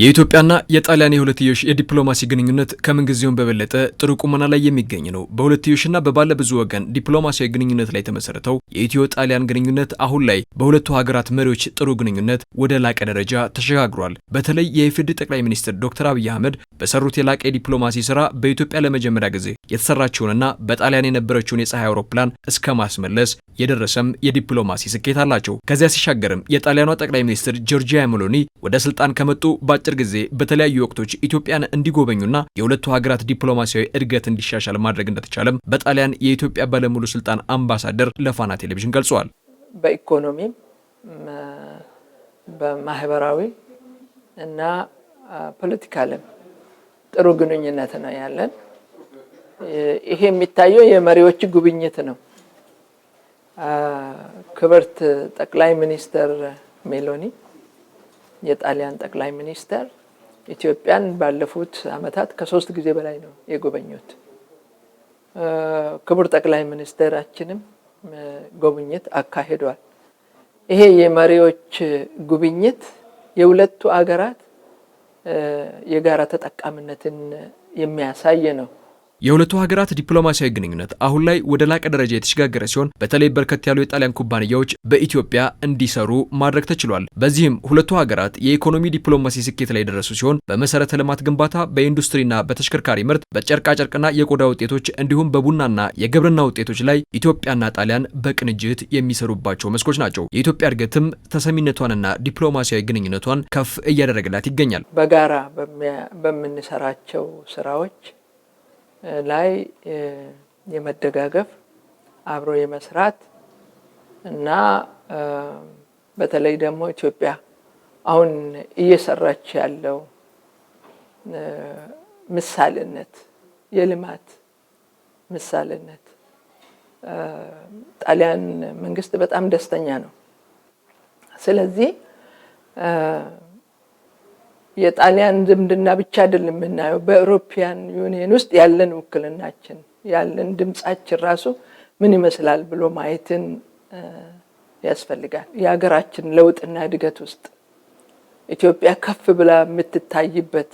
የኢትዮጵያና የጣሊያን የሁለትዮሽ የዲፕሎማሲ ግንኙነት ከምንጊዜውም በበለጠ ጥሩ ቁመና ላይ የሚገኝ ነው። በሁለትዮሽና በባለ ብዙ ወገን ዲፕሎማሲያዊ ግንኙነት ላይ የተመሰረተው የኢትዮ ጣሊያን ግንኙነት አሁን ላይ በሁለቱ ሀገራት መሪዎች ጥሩ ግንኙነት ወደ ላቀ ደረጃ ተሸጋግሯል። በተለይ የኢፌዴሪ ጠቅላይ ሚኒስትር ዶክተር አብይ አህመድ በሰሩት የላቀ የዲፕሎማሲ ስራ በኢትዮጵያ ለመጀመሪያ ጊዜ የተሰራችውንና በጣሊያን የነበረችውን የፀሐይ አውሮፕላን እስከ ማስመለስ የደረሰም የዲፕሎማሲ ስኬት አላቸው። ከዚያ ሲሻገርም የጣሊያኗ ጠቅላይ ሚኒስትር ጆርጂያ ሜሎኒ ወደ ስልጣን ከመጡ በአጭር ጊዜ በተለያዩ ወቅቶች ኢትዮጵያን እንዲጎበኙና የሁለቱ ሀገራት ዲፕሎማሲያዊ እድገት እንዲሻሻል ማድረግ እንደተቻለም በጣሊያን የኢትዮጵያ ባለሙሉ ስልጣን አምባሳደር ለፋና ቴሌቪዥን ገልጸዋል። በኢኮኖሚም በማህበራዊ እና ፖለቲካልም ጥሩ ግንኙነት ነው ያለን። ይሄ የሚታየው የመሪዎች ጉብኝት ነው። ክብርት ጠቅላይ ሚኒስትር ሜሎኒ የጣሊያን ጠቅላይ ሚኒስተር ኢትዮጵያን ባለፉት አመታት ከሶስት ጊዜ በላይ ነው የጎበኙት። ክቡር ጠቅላይ ሚኒስተራችንም ጉብኝት አካሂዷል። ይሄ የመሪዎች ጉብኝት የሁለቱ አገራት የጋራ ተጠቃሚነትን የሚያሳይ ነው። የሁለቱ ሀገራት ዲፕሎማሲያዊ ግንኙነት አሁን ላይ ወደ ላቀ ደረጃ የተሸጋገረ ሲሆን በተለይ በርከት ያሉ የጣሊያን ኩባንያዎች በኢትዮጵያ እንዲሰሩ ማድረግ ተችሏል። በዚህም ሁለቱ ሀገራት የኢኮኖሚ ዲፕሎማሲ ስኬት ላይ የደረሱ ሲሆን በመሰረተ ልማት ግንባታ፣ በኢንዱስትሪና በተሽከርካሪ ምርት፣ በጨርቃጨርቅና የቆዳ ውጤቶች እንዲሁም በቡናና የግብርና ውጤቶች ላይ ኢትዮጵያና ጣሊያን በቅንጅት የሚሰሩባቸው መስኮች ናቸው። የኢትዮጵያ እድገትም ተሰሚነቷንና ዲፕሎማሲያዊ ግንኙነቷን ከፍ እያደረገላት ይገኛል። በጋራ በምንሰራቸው ስራዎች ላይ የመደጋገፍ አብሮ የመስራት እና በተለይ ደግሞ ኢትዮጵያ አሁን እየሰራች ያለው ምሳሌነት የልማት ምሳሌነት ጣሊያን መንግስት በጣም ደስተኛ ነው። ስለዚህ የጣሊያን ዝምድና ብቻ አይደለም የምናየው፣ በአውሮፓያን ዩኒየን ውስጥ ያለን ውክልናችን ያለን ድምጻችን ራሱ ምን ይመስላል ብሎ ማየትን ያስፈልጋል። የሀገራችን ለውጥና እድገት ውስጥ ኢትዮጵያ ከፍ ብላ የምትታይበት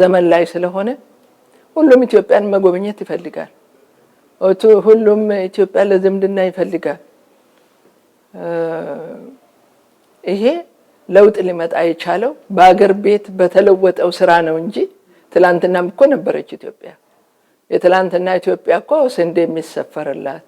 ዘመን ላይ ስለሆነ ሁሉም ኢትዮጵያን መጎብኘት ይፈልጋል። ሁሉም ኢትዮጵያ ለዝምድና ይፈልጋል። ይሄ ለውጥ ሊመጣ የቻለው በአገር ቤት በተለወጠው ስራ ነው እንጂ ትላንትናም እኮ ነበረች ኢትዮጵያ። የትላንትና ኢትዮጵያ እኮ ስንዴ የሚሰፈርላት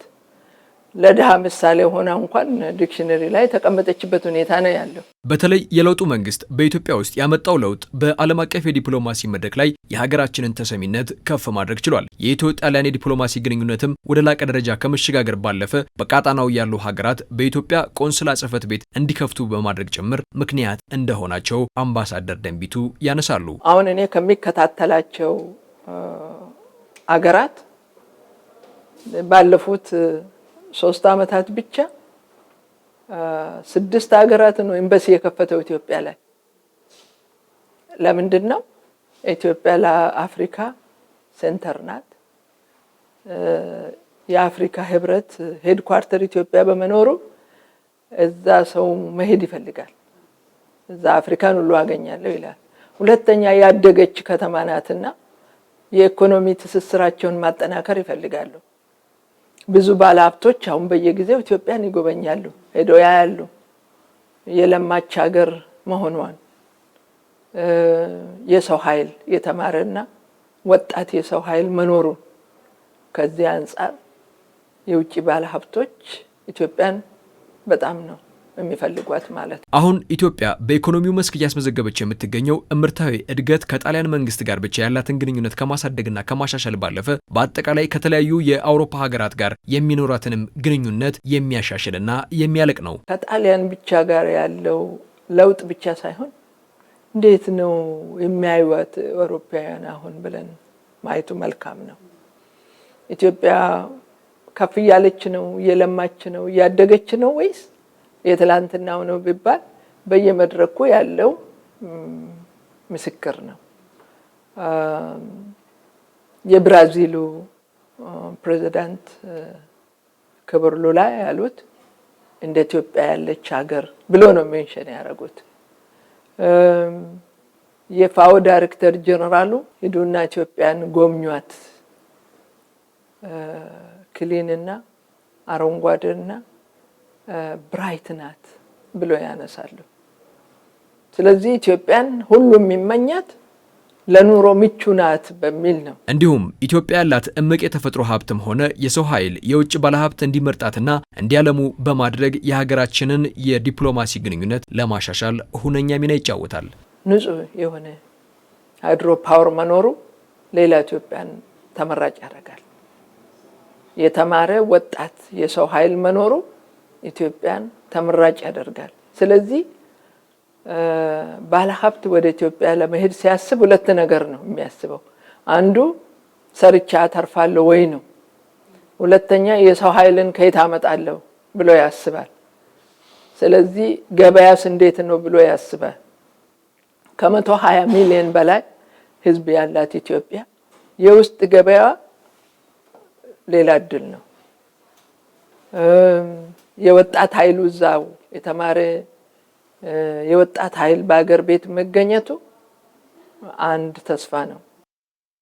ለድሃ ምሳሌ ሆና እንኳን ዲክሽነሪ ላይ ተቀመጠችበት ሁኔታ ነው ያለው። በተለይ የለውጡ መንግስት በኢትዮጵያ ውስጥ ያመጣው ለውጥ በዓለም አቀፍ የዲፕሎማሲ መድረክ ላይ የሀገራችንን ተሰሚነት ከፍ ማድረግ ችሏል። የኢትዮ ጣሊያን የዲፕሎማሲ ግንኙነትም ወደ ላቀ ደረጃ ከመሸጋገር ባለፈ በቃጣናው ያሉ ሀገራት በኢትዮጵያ ቆንስላ ጽህፈት ቤት እንዲከፍቱ በማድረግ ጭምር ምክንያት እንደሆናቸው አምባሳደር ደንቢቱ ያነሳሉ። አሁን እኔ ከሚከታተላቸው አገራት ባለፉት ሶስት አመታት ብቻ ስድስት ሀገራት ነው ኤምባሲ የከፈተው ኢትዮጵያ ላይ። ለምንድን ነው? ኢትዮጵያ ለአፍሪካ ሴንተር ናት። የአፍሪካ ህብረት ሄድኳርተር ኢትዮጵያ በመኖሩ እዛ ሰው መሄድ ይፈልጋል። እዛ አፍሪካን ሁሉ አገኛለሁ ይላል። ሁለተኛ ያደገች ከተማ ናትና የኢኮኖሚ ትስስራቸውን ማጠናከር ይፈልጋሉ። ብዙ ባለሀብቶች አሁን በየጊዜው ኢትዮጵያን ይጎበኛሉ፣ ሄደው ያያሉ የለማች ሀገር መሆኗን የሰው ኃይል የተማረና ወጣት የሰው ኃይል መኖሩን ከዚህ አንጻር የውጭ ባለሀብቶች ኢትዮጵያን በጣም ነው የሚፈልጓት ማለት ነው። አሁን ኢትዮጵያ በኢኮኖሚው መስክ እያስመዘገበች የምትገኘው እምርታዊ እድገት ከጣሊያን መንግስት ጋር ብቻ ያላትን ግንኙነት ከማሳደግና ከማሻሻል ባለፈ በአጠቃላይ ከተለያዩ የአውሮፓ ሀገራት ጋር የሚኖራትንም ግንኙነት የሚያሻሽልና የሚያለቅ ነው። ከጣሊያን ብቻ ጋር ያለው ለውጥ ብቻ ሳይሆን እንዴት ነው የሚያዩት አውሮፓውያን አሁን ብለን ማየቱ መልካም ነው። ኢትዮጵያ ከፍ እያለች ነው፣ እየለማች ነው፣ እያደገች ነው ወይስ የትላንትናው ነው ቢባል በየመድረኩ ያለው ምስክር ነው። የብራዚሉ ፕሬዚዳንት ክብር ሉላ ያሉት እንደ ኢትዮጵያ ያለች ሀገር ብሎ ነው ሜንሽን ያደረጉት። የፋኦ ዳይሬክተር ጀነራሉ ሂዱና ኢትዮጵያን ጎብኟት፣ ክሊንና አረንጓዴና ብራይት ናት ብሎ ያነሳሉ። ስለዚህ ኢትዮጵያን ሁሉም የሚመኛት ለኑሮ ምቹ ናት በሚል ነው። እንዲሁም ኢትዮጵያ ያላት እምቅ የተፈጥሮ ሀብትም ሆነ የሰው ኃይል የውጭ ባለሀብት እንዲመርጣትና እንዲያለሙ በማድረግ የሀገራችንን የዲፕሎማሲ ግንኙነት ለማሻሻል ሁነኛ ሚና ይጫወታል። ንጹህ የሆነ ሃይድሮ ፓወር መኖሩ ሌላ ኢትዮጵያን ተመራጭ ያደርጋል። የተማረ ወጣት የሰው ኃይል መኖሩ ኢትዮጵያን ተመራጭ ያደርጋል። ስለዚህ ባለሀብት ወደ ኢትዮጵያ ለመሄድ ሲያስብ ሁለት ነገር ነው የሚያስበው። አንዱ ሰርቻ አተርፋለሁ ወይ ነው። ሁለተኛ የሰው ኃይልን ከየት አመጣለሁ ብሎ ያስባል። ስለዚህ ገበያስ እንዴት ነው ብሎ ያስባል። ከመቶ ሀያ ሚሊዮን በላይ ህዝብ ያላት ኢትዮጵያ የውስጥ ገበያ ሌላ እድል ነው። የወጣት ኃይሉ እዛው የተማረ የወጣት ኃይል በሀገር ቤት መገኘቱ አንድ ተስፋ ነው።